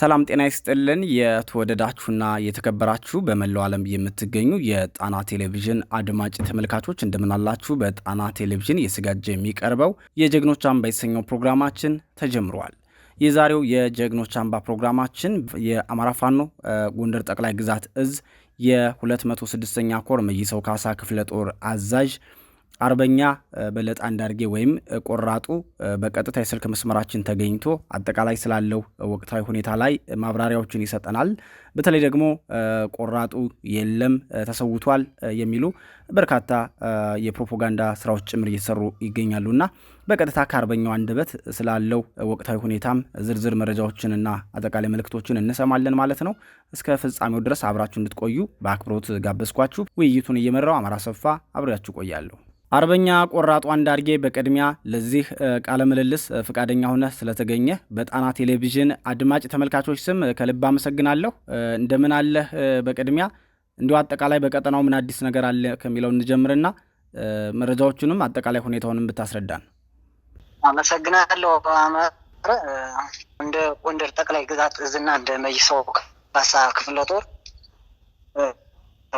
ሰላም ጤና ይስጥልን። የተወደዳችሁና የተከበራችሁ በመላው ዓለም የምትገኙ የጣና ቴሌቪዥን አድማጭ ተመልካቾች እንደምናላችሁ። በጣና ቴሌቪዥን የስጋጀ የሚቀርበው የጀግኖች አምባ የተሰኘው ፕሮግራማችን ተጀምሯል። የዛሬው የጀግኖች አምባ ፕሮግራማችን የአማራ ፋኖ ጎንደር ጠቅላይ ግዛት እዝ የ206ኛ ኮር መይሰው ካሳ ክፍለ ጦር አዛዥ አርበኛ በለጣ አንዳርጌ ወይም ቆራጡ በቀጥታ የስልክ መስመራችን ተገኝቶ አጠቃላይ ስላለው ወቅታዊ ሁኔታ ላይ ማብራሪያዎችን ይሰጠናል። በተለይ ደግሞ ቆራጡ የለም ተሰውቷል የሚሉ በርካታ የፕሮፓጋንዳ ስራዎች ጭምር እየተሰሩ ይገኛሉና በቀጥታ ከአርበኛው አንደበት ስላለው ወቅታዊ ሁኔታም ዝርዝር መረጃዎችንና አጠቃላይ መልእክቶችን እንሰማለን ማለት ነው። እስከ ፍጻሜው ድረስ አብራችሁ እንድትቆዩ በአክብሮት ጋበዝኳችሁ። ውይይቱን እየመራው አማራ ሰፋ አብሬያችሁ ቆያለሁ። አርበኛ ቆራጡ አንዳርጌ በቅድሚያ ለዚህ ቃለ ምልልስ ፈቃደኛ ሆነ ስለተገኘ በጣና ቴሌቪዥን አድማጭ ተመልካቾች ስም ከልብ አመሰግናለሁ። እንደምን አለህ? በቅድሚያ እንዲሁ አጠቃላይ በቀጠናው ምን አዲስ ነገር አለ ከሚለው እንጀምርና መረጃዎቹንም አጠቃላይ ሁኔታውንም ብታስረዳን። አመሰግናለሁ። እንደ ጎንደር ጠቅላይ ግዛት እዝና እንደ መይሰው ካሳ ክፍለ ጦር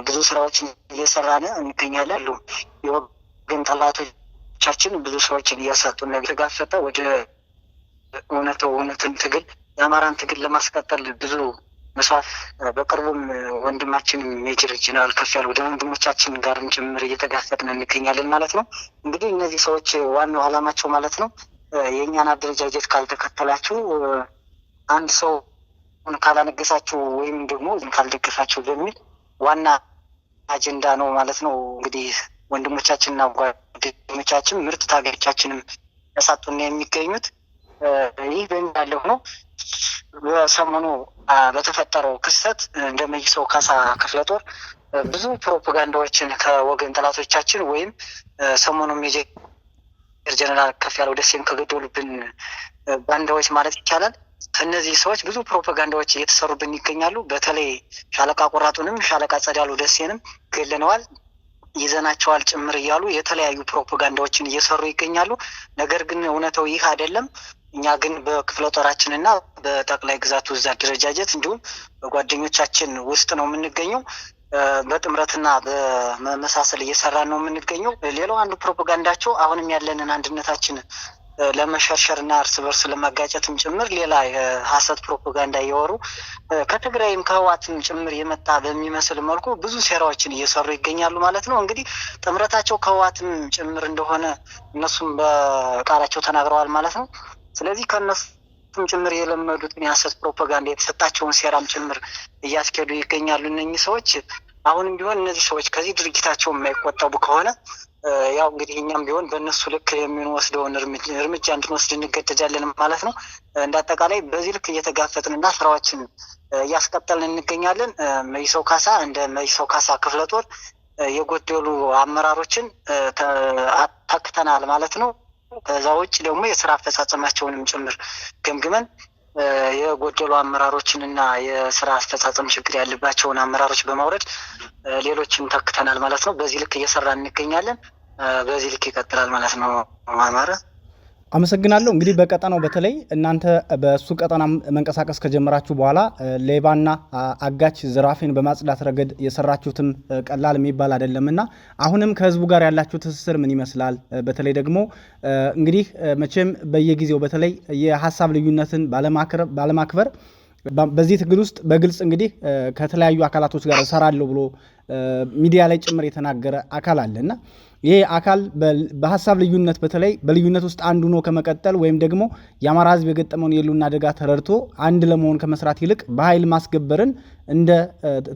ብዙ ስራዎች እየሰራን እንገኛለን። ግን ጠላቶቻችን ብዙ ሰዎችን እያሳጡ የተጋፈጠ ወደ እውነት እውነትን ትግል የአማራን ትግል ለማስቀጠል ብዙ መስዋዕት በቅርቡም ወንድማችን ሜጀር ጀነራል ያሉ ወደ ወንድሞቻችን ጋርም ጭምር እየተጋፈጥን እንገኛለን ማለት ነው። እንግዲህ እነዚህ ሰዎች ዋናው አላማቸው ማለት ነው የእኛን አደረጃጀት ካልተከተላችሁ አንድ ሰው ካላነገሳችሁ ወይም ደግሞ ካልደገፋችሁ በሚል ዋና አጀንዳ ነው ማለት ነው እንግዲህ ወንድሞቻችንና ጓደኞቻችን ምርት ታጋዮቻችንም ያሳጡና የሚገኙት ይህ በሚ ያለው ነው። በሰሞኑ በተፈጠረው ክስተት እንደ እንደመይሰው ካሳ ክፍለ ጦር ብዙ ፕሮፓጋንዳዎችን ከወገን ጠላቶቻችን ወይም ሰሞኑም የጀር ጀነራል ከፍ ከፍያለው ደሴን ከገደሉብን ባንዳዎች ማለት ይቻላል ከእነዚህ ሰዎች ብዙ ፕሮፓጋንዳዎች እየተሰሩብን ይገኛሉ። በተለይ ሻለቃ ቁራጡንም ሻለቃ ጸዳሉ ደሴንም ገለነዋል። ይዘናቸዋል ጭምር እያሉ የተለያዩ ፕሮፓጋንዳዎችን እየሰሩ ይገኛሉ። ነገር ግን እውነታው ይህ አይደለም። እኛ ግን በክፍለ እና በጠቅላይ ግዛት እዝ አደረጃጀት እንዲሁም በጓደኞቻችን ውስጥ ነው የምንገኘው። በጥምረትና በመመሳሰል እየሰራን ነው የምንገኘው። ሌላው አንዱ ፕሮፓጋንዳቸው አሁንም ያለንን አንድነታችን ለመሸርሸር እና እርስ በርስ ለመጋጨትም ጭምር ሌላ የሀሰት ፕሮፓጋንዳ እየወሩ ከትግራይም ከህዋትም ጭምር የመጣ በሚመስል መልኩ ብዙ ሴራዎችን እየሰሩ ይገኛሉ ማለት ነው። እንግዲህ ጥምረታቸው ከህዋትም ጭምር እንደሆነ እነሱም በቃላቸው ተናግረዋል ማለት ነው። ስለዚህ ከነሱ ጭምር የለመዱትን የሀሰት ፕሮፓጋንዳ የተሰጣቸውን ሴራም ጭምር እያስኬዱ ይገኛሉ። እነኚህ ሰዎች አሁንም ቢሆን እነዚህ ሰዎች ከዚህ ድርጊታቸው የማይቆጠቡ ከሆነ ያው እንግዲህ እኛም ቢሆን በእነሱ ልክ የምንወስደውን እርምጃ እንድንወስድ እንገደዳለን ማለት ነው። እንደ አጠቃላይ በዚህ ልክ እየተጋፈጥንና ስራዎችን እያስቀጠልን እንገኛለን። መይሰው ካሳ እንደ መይሰው ካሳ ክፍለ ጦር የጎደሉ አመራሮችን ተክተናል ማለት ነው። ከዛ ውጭ ደግሞ የስራ አፈጻጸማቸውንም ጭምር ገምግመን የጎደሉ አመራሮችን እና የስራ አስፈጻጸም ችግር ያለባቸውን አመራሮች በማውረድ ሌሎችን ተክተናል ማለት ነው። በዚህ ልክ እየሰራ እንገኛለን። በዚህ ልክ ይቀጥላል ማለት ነው አማራ አመሰግናለሁ። እንግዲህ በቀጠናው በተለይ እናንተ በእሱ ቀጠና መንቀሳቀስ ከጀመራችሁ በኋላ ሌባና አጋች ዘራፊን በማጽዳት ረገድ የሰራችሁትም ቀላል የሚባል አይደለምና አሁንም ከህዝቡ ጋር ያላችሁ ትስስር ምን ይመስላል? በተለይ ደግሞ እንግዲህ መቼም በየጊዜው በተለይ የሀሳብ ልዩነትን ባለማክበር በዚህ ትግል ውስጥ በግልጽ እንግዲህ ከተለያዩ አካላቶች ጋር እሰራለሁ ብሎ ሚዲያ ላይ ጭምር የተናገረ አካል አለ እና ይሄ አካል በሀሳብ ልዩነት በተለይ በልዩነት ውስጥ አንዱ ሆኖ ከመቀጠል ወይም ደግሞ የአማራ ሕዝብ የገጠመውን የህልውና አደጋ ተረድቶ አንድ ለመሆን ከመስራት ይልቅ በኃይል ማስገበርን እንደ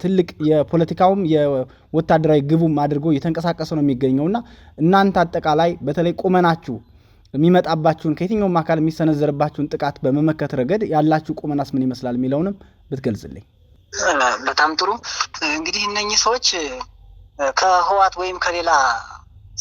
ትልቅ የፖለቲካውም የወታደራዊ ግቡም አድርጎ እየተንቀሳቀሰ ነው የሚገኘውና እናንተ አጠቃላይ በተለይ ቁመናችሁ የሚመጣባችሁን ከየትኛውም አካል የሚሰነዘርባችሁን ጥቃት በመመከት ረገድ ያላችሁ ቁመናስ ምን ይመስላል የሚለውንም ብትገልጽልኝ በጣም ጥሩ። እንግዲህ እነኚህ ሰዎች ከህዋት ወይም ከሌላ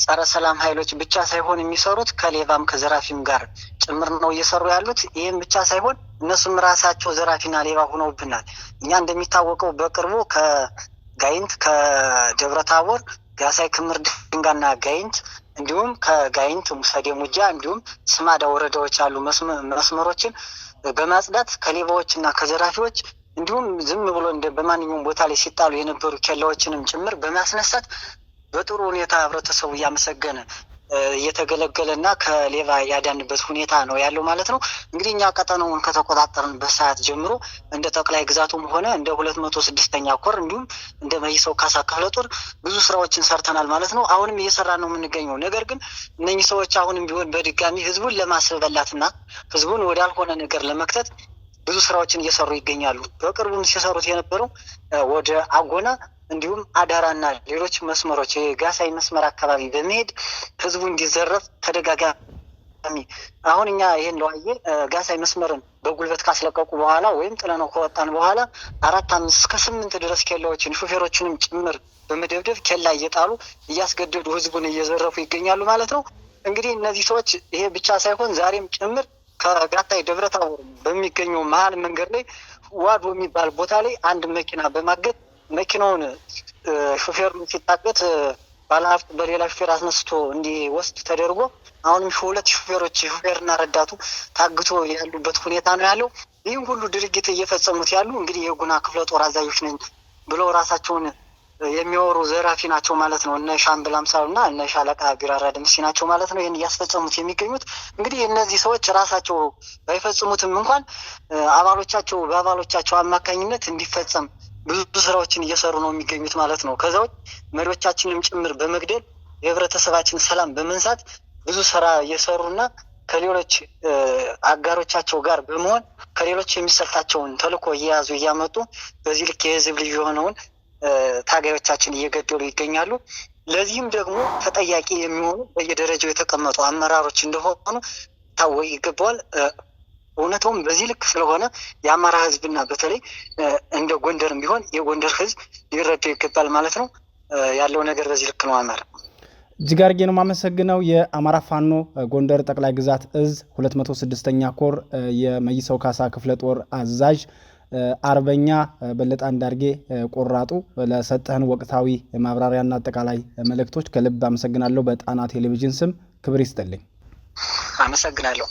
ጸረ ሰላም ኃይሎች ብቻ ሳይሆን የሚሰሩት ከሌባም ከዘራፊም ጋር ጭምር ነው እየሰሩ ያሉት። ይህም ብቻ ሳይሆን እነሱም ራሳቸው ዘራፊና ሌባ ሆነውብናል። እኛ እንደሚታወቀው በቅርቡ ከጋይንት ከደብረ ታቦር ጋሳይ ክምር ድንጋና ጋይንት እንዲሁም ከጋይንት ሙሰዴ ሙጃ እንዲሁም ስማዳ ወረዳዎች ያሉ መስመሮችን በማጽዳት ከሌባዎች እና ከዘራፊዎች እንዲሁም ዝም ብሎ በማንኛውም ቦታ ላይ ሲጣሉ የነበሩ ኬላዎችንም ጭምር በማስነሳት በጥሩ ሁኔታ ህብረተሰቡ እያመሰገነ እየተገለገለና ከሌባ ያዳንበት ሁኔታ ነው ያለው ማለት ነው። እንግዲህ እኛ ቀጠናውን ከተቆጣጠርንበት ሰዓት ጀምሮ እንደ ጠቅላይ ግዛቱም ሆነ እንደ ሁለት መቶ ስድስተኛ ኮር እንዲሁም እንደ መይሰው ካሳ ክፍለ ጦር ብዙ ስራዎችን ሰርተናል ማለት ነው። አሁንም እየሰራ ነው የምንገኘው። ነገር ግን እነኚህ ሰዎች አሁንም ቢሆን በድጋሚ ህዝቡን ለማስበላትና ህዝቡን ወዳልሆነ ነገር ለመክተት ብዙ ስራዎችን እየሰሩ ይገኛሉ። በቅርቡም ሲሰሩት የነበረው ወደ አጎና እንዲሁም አዳራና ሌሎች መስመሮች የጋሳይ መስመር አካባቢ በመሄድ ህዝቡ እንዲዘረፍ ተደጋጋ አሁን እኛ ይህን ለዋዬ ጋሳይ መስመርን በጉልበት ካስለቀቁ በኋላ ወይም ጥለነው ከወጣን በኋላ አራት አምስት እስከ ስምንት ድረስ ኬላዎችን ሹፌሮችንም ጭምር በመደብደብ ኬላ እየጣሉ እያስገደዱ ህዝቡን እየዘረፉ ይገኛሉ ማለት ነው። እንግዲህ እነዚህ ሰዎች ይሄ ብቻ ሳይሆን ዛሬም ጭምር ከጋታይ ደብረ በሚገኘው መሀል መንገድ ላይ ዋዶ የሚባል ቦታ ላይ አንድ መኪና በማገት መኪናውን ሾፌር ሲታገት ባለሀብት በሌላ ሾፌር አስነስቶ እንዲወስድ ተደርጎ አሁንም ሁለት ሾፌሮች ሾፌርና ረዳቱ ታግቶ ያሉበት ሁኔታ ነው ያለው። ይህም ሁሉ ድርጊት እየፈጸሙት ያሉ እንግዲህ የጉና ክፍለ ጦር አዛዦች ነኝ ብሎ ራሳቸውን የሚወሩ ዘራፊ ናቸው ማለት ነው። እነ ሻምብል አምሳሉ እና እነ ሻለቃ ቢራራ ደምሴ ናቸው ማለት ነው። ይህን እያስፈጸሙት የሚገኙት እንግዲህ እነዚህ ሰዎች ራሳቸው ባይፈጽሙትም እንኳን አባሎቻቸው በአባሎቻቸው አማካኝነት እንዲፈጸም ብዙ ስራዎችን እየሰሩ ነው የሚገኙት ማለት ነው። ከዛ ውጭ መሪዎቻችንም ጭምር በመግደል የህብረተሰባችን ሰላም በመንሳት ብዙ ስራ እየሰሩና ከሌሎች አጋሮቻቸው ጋር በመሆን ከሌሎች የሚሰጣቸውን ተልዕኮ እየያዙ እያመጡ በዚህ ልክ የህዝብ ልዩ የሆነውን ታጋዮቻችን እየገደሉ ይገኛሉ። ለዚህም ደግሞ ተጠያቂ የሚሆኑ በየደረጃው የተቀመጡ አመራሮች እንደሆኑ ታወቅ ይገባዋል። እውነቱም በዚህ ልክ ስለሆነ የአማራ ህዝብና በተለይ እንደ ጎንደርም ቢሆን የጎንደር ህዝብ ሊረዳው ይገባል ማለት ነው። ያለው ነገር በዚህ ልክ ነው። አማራ እጅጋርጌ ነው የማመሰግነው። የአማራ ፋኖ ጎንደር ጠቅላይ ግዛት እዝ 206ኛ ኮር የመይሰው ካሳ ክፍለ ጦር አዛዥ አርበኛ በለጠ አንዳርጌ ቆራጡ ለሰጠህን ወቅታዊ ማብራሪያና አጠቃላይ መልእክቶች ከልብ አመሰግናለሁ። በጣና ቴሌቪዥን ስም ክብር ይስጥልኝ። አመሰግናለሁ።